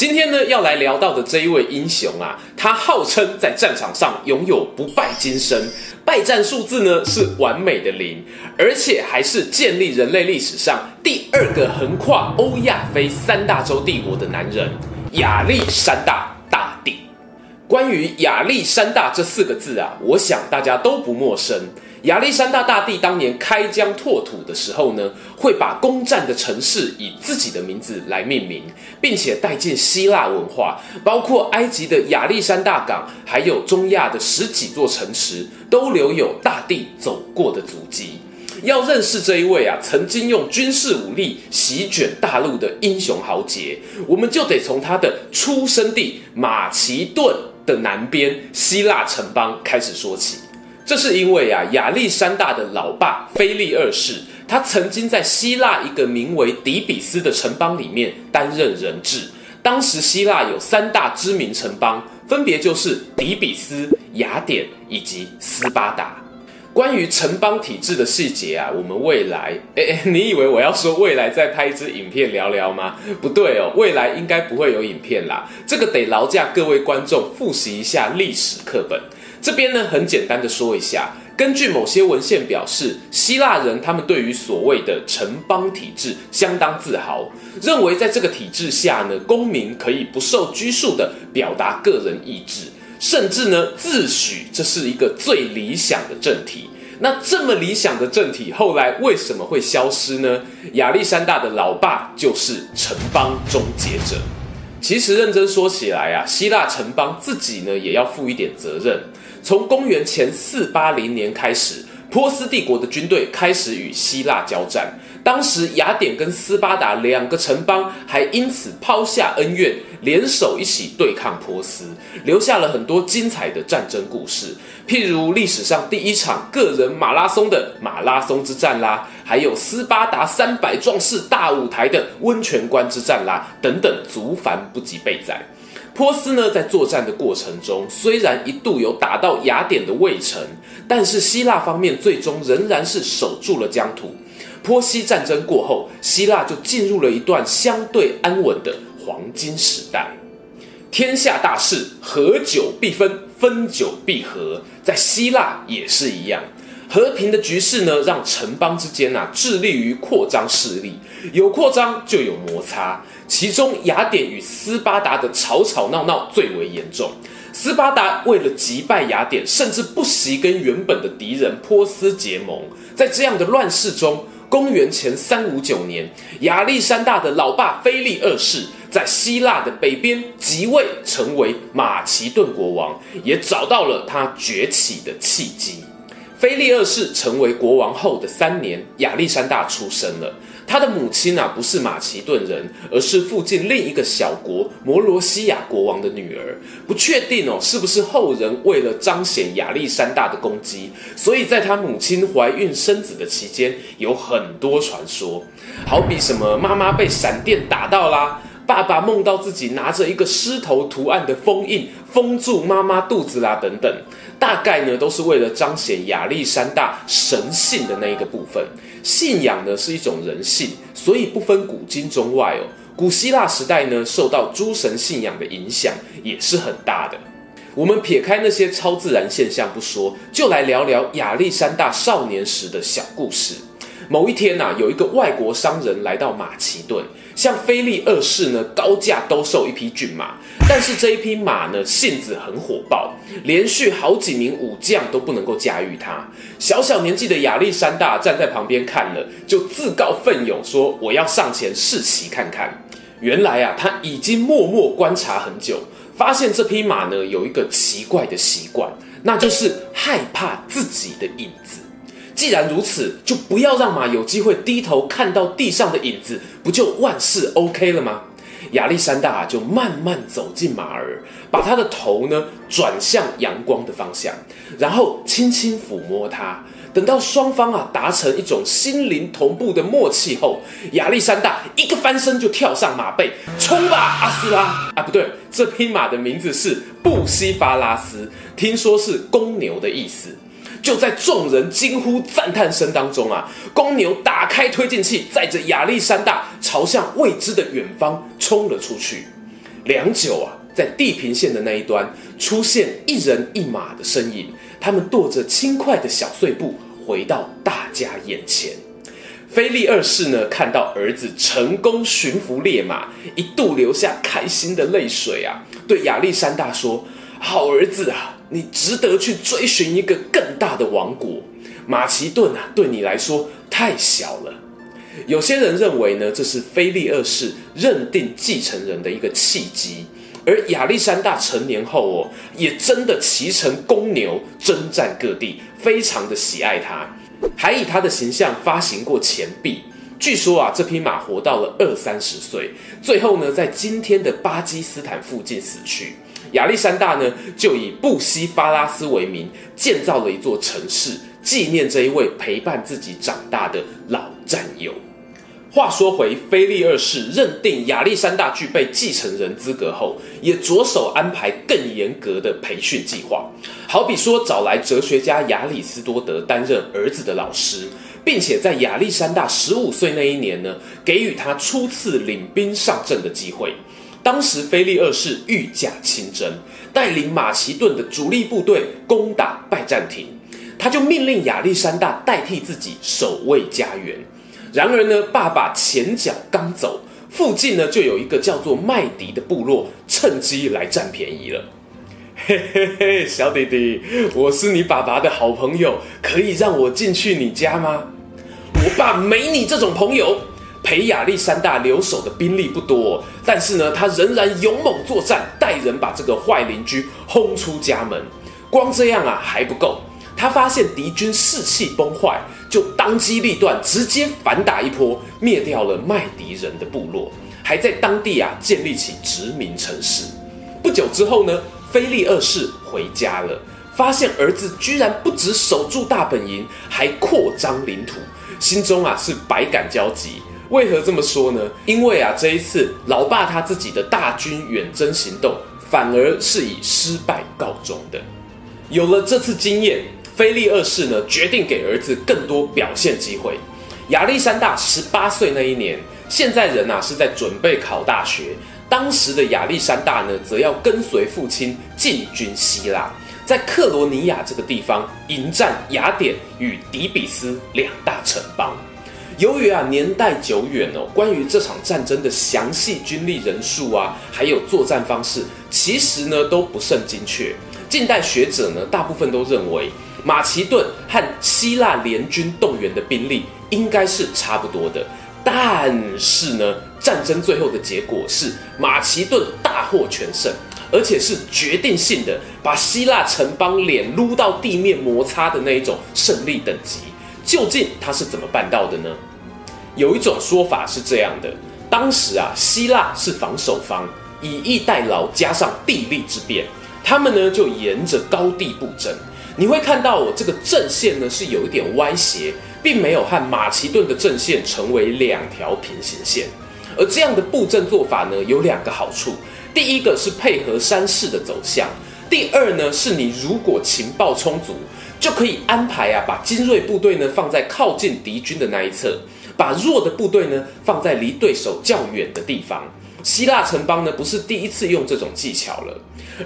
今天呢，要來聊到的這一位英雄啊，他號稱在戰場上擁有不敗金身，敗戰數字呢是完美的零，而且還是建立人類歷史上第二個橫跨歐亞非三大洲帝國的男人——亞歷山大大帝。關於亞歷山大這四個字啊，我想大家都不陌生。亞歷山大大帝當年開疆拓土的時候呢，會把攻佔的城市以自己的名字來命名，並且帶進希臘文化，包括埃及的亞歷山大港，還有中亞的十幾座城池，都留有大帝走過的足跡。要認識這一位啊，曾經用軍事武力席捲大陸的英雄豪傑，我們就得從他的出生地馬其頓的南邊希臘城邦開始說起。這是因為啊，亞歷山大的老爸腓力二世，他曾經在希臘一個名為底比斯的城邦裡面擔任人質。當時希臘有三大知名城邦，分別就是底比斯、雅典以及斯巴達。關於城邦體制的細節啊，我們未來……誒誒，你以為我要說未來再拍一支影片聊聊嗎？不對哦，未來應該不會有影片啦。這個得勞駕各位觀眾複習一下歷史課本。這邊呢，很簡單的說一下，根據某些文獻表示，希臘人他們對於所謂的城邦體制相當自豪，認為在這個體制下呢，公民可以不受拘束地表達個人意志，甚至呢自詡這是一個最理想的政體。那這麼理想的政體後來為什麼會消失呢？亞歷山大的老爸就是城邦終結者。其實認真說起來啊，希臘城邦自己呢也要負一點責任。從公元前四八零年開始，波斯帝國的軍隊開始與希臘交戰。當時雅典跟斯巴達兩個城邦還因此拋下恩怨，聯手一起對抗波斯，留下了很多精彩的戰爭故事，譬如歷史上第一場個人馬拉松的馬拉松之戰啦，還有斯巴達三百壯士大舞台的溫泉關之戰啦，等等，族繁不及備載。波斯呢，在作戰的過程中，雖然一度有打到雅典的衛城，但是希臘方面最終仍然是守住了疆土。波西戰爭過後，希臘就進入了一段相對安穩的黃金時代。天下大勢，合久必分，分久必合，在希臘也是一樣。和平的局勢呢，讓城邦之間啊，致力於擴張勢力，有擴張就有摩擦。其中，雅典與斯巴達的吵吵鬧鬧最為嚴重。斯巴達為了擊敗雅典，甚至不惜跟原本的敵人波斯結盟。在這樣的亂世中，公元前三五九年，亞歷山大的老爸腓力二世在希臘的北邊即位，成為馬其頓國王，也找到了他崛起的契機。腓力二世成為國王後的三年，亞歷山大出生了。他的母親啊，不是馬其頓人，而是附近另一個小國摩羅西亞國王的女兒。不確定哦，是不是後人為了彰顯亞歷山大的功績，所以在他母親懷孕生子的期間，有很多傳說，好比什麼媽媽被閃電打到啦。爸爸夢到自己拿着一個獅頭圖案的封印，封住媽媽肚子啦，等等，大概呢都是為了彰顯亞歷山大神性的那一個部分。信仰呢是一種人性，所以不分古今中外哦。古希臘時代呢受到諸神信仰的影響也是很大的。我們撇開那些超自然現象不說，就來聊聊亞歷山大少年時的小故事。某一天吶、啊，有一個外國商人來到馬其頓，向菲利二世呢高價兜售一匹駿馬。但是這一匹馬呢性子很火爆，連續好幾名武將都不能夠駕馭它。小小年紀的亞歷山大站在旁邊看了，就自告奮勇說：“我要上前試騎看看。”原來啊，他已經默默觀察很久，發現這匹馬呢有一個奇怪的習慣，那就是害怕自己的影子。既然如此，就不要讓馬有機會低頭看到地上的影子，不就萬事 OK 了嗎？亞歷山大就慢慢走近馬兒，把他的頭呢轉向陽光的方向，然後輕輕撫摸它。等到雙方啊達成一種心靈同步的默契後，亞歷山大一個翻身就跳上馬背，衝吧，阿斯拉！啊，不對，這匹馬的名字是布西法拉斯，聽說是公牛的意思。就在眾人驚呼讚嘆聲當中啊，公牛打開推進器，載着亞歷山大朝向未知的遠方衝了出去。良久啊，在地平線的那一端出現一人一馬的身影，他們踱着輕快的小碎步回到大家眼前。菲利二世呢，看到兒子成功馴服烈馬，一度流下開心的淚水啊，對亞歷山大說：“好兒子啊！”你值得去追尋一個更大的王國，馬其頓啊，對你來說太小了。有些人認為呢，這是腓力二世認定繼承人的一個契機，而亞歷山大成年後哦，也真的騎乘公牛征戰各地，非常的喜愛他，還以他的形象發行過錢幣。據說啊，這匹馬活到了二三十歲，最後呢，在今天的巴基斯坦附近死去。亞歷山大呢，就以布西法拉斯為名建造了一座城市，紀念這一位陪伴自己長大的老戰友。話說回，腓力二世認定亞歷山大具備繼承人資格後，也着手安排更嚴格的培訓計劃，好比說找來哲學家亞里斯多德擔任兒子的老師，並且在亞歷山大十五歲那一年呢，給予他初次領兵上陣的機會。當時，腓力二世御駕親征，帶領馬其頓的主力部隊攻打拜占庭，他就命令亞歷山大代替自己守衛家園。然而呢，爸爸前腳剛走，附近呢就有一個叫做麥迪的部落趁機來占便宜了。嘿嘿嘿，小弟弟，我是你爸爸的好朋友，可以讓我進去你家嗎？我爸沒你這種朋友。陪亞歷山大留守的兵力不多，但是呢，他仍然勇猛作戰，帶人把這個壞鄰居轟出家門。光這樣啊還不夠，他發現敵軍士氣崩壞，就當機立斷，直接反打一波，滅掉了麥迪人的部落，還在當地啊建立起殖民城市。不久之後呢，腓力二世回家了，發現兒子居然不止守住大本營，還擴張領土，心中啊是百感交集。為何這麼說呢？因為啊，這一次老爸他自己的大軍遠征行動，反而是以失敗告終的。有了這次經驗，腓力二世呢，決定給兒子更多表現機會。亞歷山大十八歲那一年，現在人啊是在準備考大學，當時的亞歷山大呢，則要跟隨父親進軍希臘，在克羅尼亞這個地方迎戰雅典與底比斯兩大城邦。由於啊年代久遠哦，關於這場戰爭的詳細軍力人數啊，還有作戰方式，其實呢都不甚精確。近代學者呢大部分都認為馬其頓和希臘聯軍動員的兵力應該是差不多的，但是呢，戰爭最後的結果是馬其頓大獲全勝，而且是決定性的，把希臘城邦臉擼到地面摩擦的那一種勝利等級，究竟他是怎麼辦到的呢？有一種說法是這樣的：當時啊，希臘是防守方，以逸待勞加上地利之便，他們呢就沿着高地布陣。你會看到我、哦、這個陣線呢是有一點歪斜，並沒有和馬其頓的陣線成為兩條平行線。而這樣的布陣做法呢有兩個好處：第一個是配合山勢的走向；第二呢是你如果情報充足，就可以安排啊把精銳部隊呢放在靠近敵軍的那一側。把弱的部隊呢放在離對手較遠的地方。希臘城邦呢不是第一次用這種技巧了。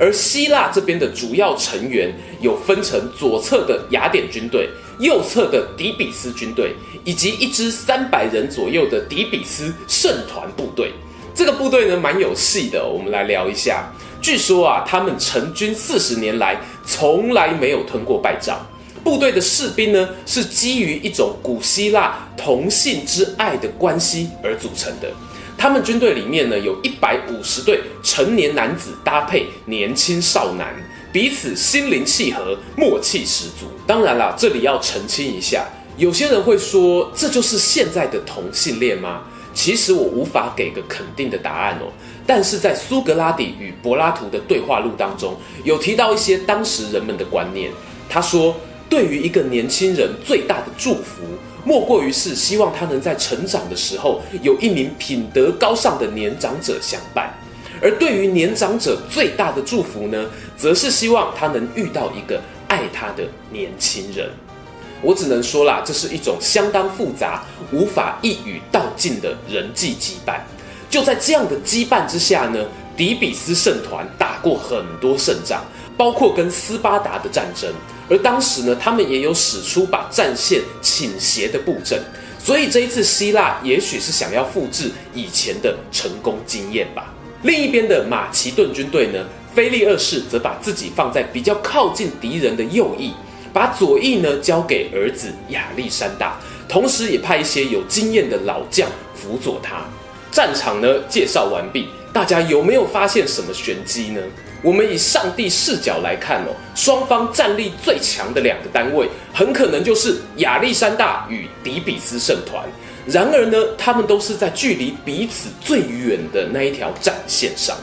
而希臘這邊的主要成員有分成左側的雅典軍隊、右側的底比斯軍隊，以及一支三百人左右的底比斯聖團部隊。這個部隊呢蠻有戲的，我們來聊一下。據說啊，他們成軍四十年來從來沒有吞過敗仗。部隊的士兵呢，是基於一種古希臘同性之愛的關係而組成的。他們軍隊裡面呢，有一百五十對成年男子搭配年輕少男，彼此心靈契合，默契十足。當然啦，這裡要澄清一下，有些人會說這就是現在的同性戀嗎？其實我無法給個肯定的答案哦。但是在蘇格拉底與柏拉圖的對話錄當中，有提到一些當時人們的觀念，他說：對於一個年輕人最大的祝福，莫過於是希望他能在成長的時候有一名品德高尚的年長者相伴；而對於年長者最大的祝福呢，則是希望他能遇到一個愛他的年輕人。我只能說啦，這是一種相當複雜、無法一語道盡的人際羈絆。就在這樣的羈絆之下呢，底比斯聖團打過很多勝仗，包括跟斯巴達的戰爭，而當時呢，他們也有使出把戰線傾斜的布陣，所以這一次希臘也許是想要複製以前的成功經驗吧。另一邊的馬其頓軍隊呢，腓力二世則把自己放在比較靠近敵人的右翼，把左翼呢交給兒子亞歷山大，同時也派一些有經驗的老將輔佐他。戰場呢，介紹完畢。大家有沒有發現什麼玄機呢？我們以上帝視角來看哦，雙方戰力最強的兩個單位，很可能就是亞歷山大與底比斯聖團。然而呢，他們都是在距離彼此最遠的那一條戰線上。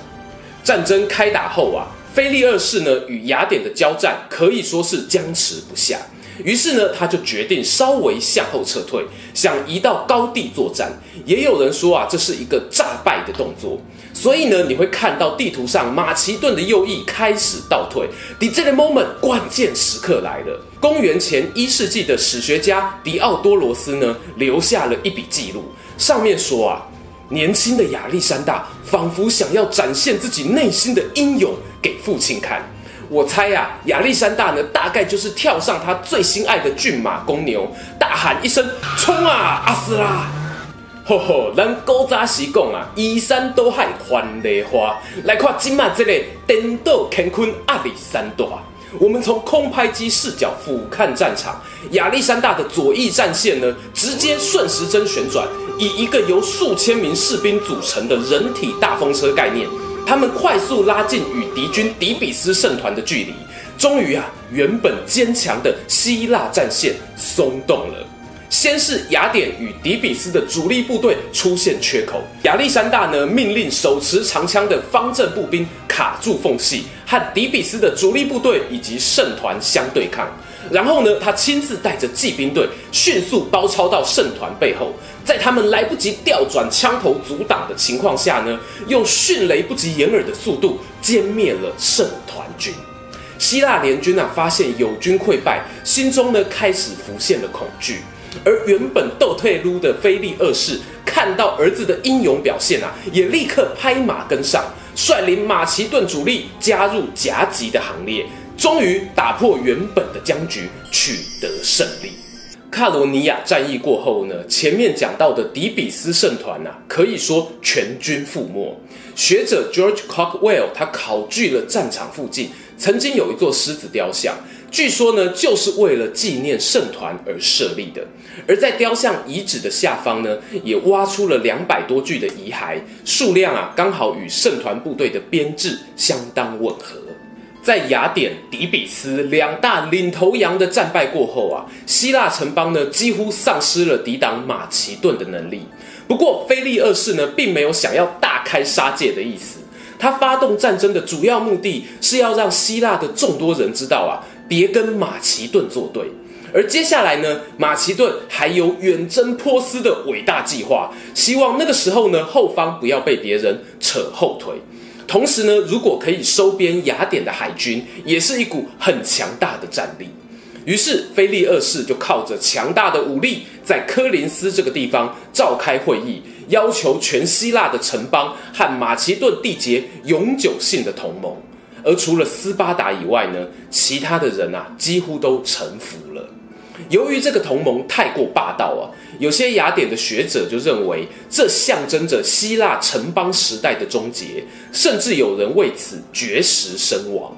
戰爭開打後啊，腓力二世呢與雅典的交戰可以說是僵持不下。於是呢，他就決定稍微向後撤退，想移到高地作戰。也有人說啊，這是一個詐敗的動作。所以呢，你會看到地圖上馬其頓的右翼開始倒退。The critical moment，關鍵時刻來了。公元前一世紀的史學家狄奧多羅斯呢，留下了一筆記錄，上面說啊，年輕的亞歷山大仿佛想要展現自己內心的英勇給父親看。我猜呀、啊，亞歷山大呢，大概就是跳上他最心愛的駿馬公牛，大喊一聲：“衝啊，阿斯拉！”呵呵，咱古早時講啊，“移山倒海樊梨花”，來看今晚這個顛倒乾坤阿里山大。我們從空拍機視角俯瞰戰場，亞歷山大的左翼戰線呢，直接順時針旋轉，以一個由數千名士兵組成的人體大風車概念。他們快速拉近與敵軍底比斯聖團的距離，終於啊，原本堅強的希臘戰線鬆動了。先是雅典與底比斯的主力部隊出現缺口，亞歷山大呢，命令手持長槍的方陣步兵卡住縫隙，和底比斯的主力部隊以及聖團相對抗。然後呢，他親自帶着騎兵隊迅速包抄到聖團背後，在他們來不及調轉槍頭阻擋的情況下呢，用迅雷不及掩耳的速度殲滅了聖團軍。希臘聯軍啊，發現友軍潰敗，心中呢開始浮現了恐懼。而原本鬥退路的菲利二世看到兒子的英勇表現啊，也立刻拍馬跟上，率領馬其頓主力加入夾擊的行列。終於打破原本的僵局，取得勝利。卡羅尼亞戰役過後呢，前面講到的迪比斯聖團啊，可以說全軍覆沒。學者 George Cockwell 他考據了戰場附近曾經有一座獅子雕像，據說呢就是為了紀念聖團而設立的。而在雕像遺址的下方呢，也挖出了兩百多具的遺骸，數量啊剛好與聖團部隊的編制相當吻合。在雅典、底比斯兩大領頭羊的戰敗過後啊，希臘城邦呢幾乎喪失了抵擋馬其頓的能力。不過，腓力二世呢並沒有想要大開殺戒的意思，他發動戰爭的主要目的是要讓希臘的眾多人知道啊，別跟馬其頓作對。而接下來呢，馬其頓還有遠征波斯的偉大計劃，希望那個時候呢後方不要被別人扯後腿。同時呢，如果可以收編雅典的海軍，也是一股很強大的戰力。於是，腓力二世就靠着強大的武力，在科林斯這個地方召開會議，要求全希臘的城邦和馬其頓締結永久性的同盟。而除了斯巴達以外呢，其他的人啊，幾乎都臣服了。由於這個同盟太過霸道啊，有些雅典的學者就認為這象徵着希臘城邦時代的終結，甚至有人為此絕食身亡。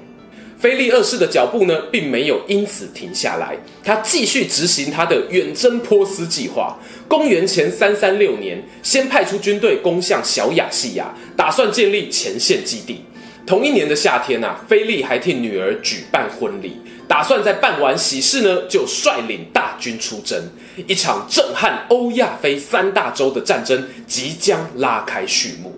菲利二世的腳步呢，並沒有因此停下來，他繼續執行他的遠征波斯計劃。公元前三三六年，先派出軍隊攻向小亞細亞，打算建立前線基地。同一年的夏天啊，菲利還替女兒舉辦婚禮。打算在辦完喜事呢，就率領大軍出征，一場震撼歐亞非三大洲的戰爭即將拉開序幕。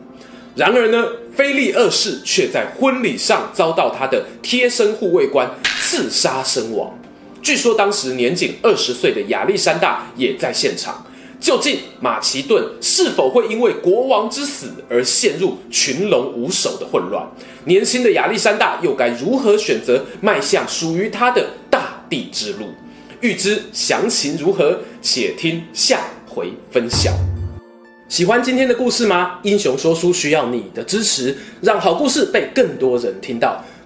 然而呢，腓力二世卻在婚禮上遭到他的貼身護衛官刺殺身亡。據說當時年僅二十歲的亞歷山大也在現場。究竟馬其頓是否會因為國王之死而陷入群龍無首的混亂？年輕的亞歷山大又該如何選擇邁向屬於他的大帝之路？欲知詳情如何，且聽下回分曉。喜歡今天的故事嗎？英雄說書需要你的支持，讓好故事被更多人聽到。